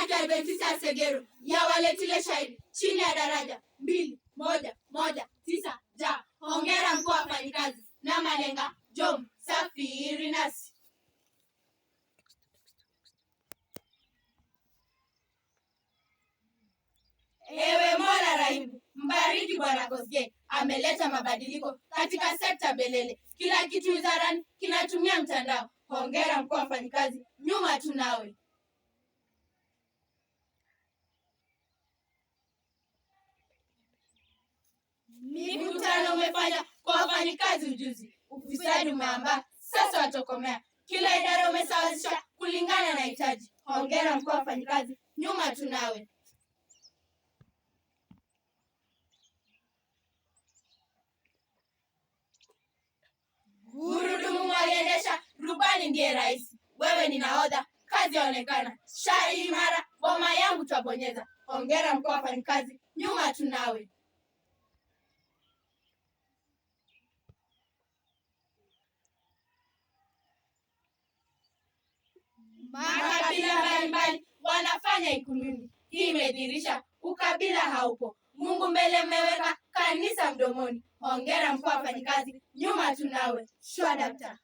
ya Kiadventista Segero ya waletile shahidi chini ya daraja mbili moja moja tisa ja. Hongera mkuu wa wafanyikazi na malenga, jom safiri nasi. Ewe Mola Rahimu, mbariki Bwana Kosgei, ameleta mabadiliko katika sekta belele. Kila kitu wizarani kinatumia mtandao. Hongera mkuu wa wafanyikazi, nyuma tunawe. Maana umefanya kwa wafanyikazi ujuzi, ufisadi umeamba sasa watokomea. Kila idara umesawazisha kulingana na hitaji. Hongera mkuu wa wafanyikazi, nyuma tunawe. Gurudumu mwaliendesha, rubani ndiye rais. Wewe ni nahodha, kazi yaonekana. shai imara, boma yangu twabonyeza. Hongera mkuu wa wafanyikazi, nyuma tunawe. kufanya Ikuluni. Hii imedhihirisha ukabila haupo. Mungu mbele mmeweka kanisa mdomoni. Hongera mkuu wa wafanyikazi, nyuma tunawe. Shua dakta.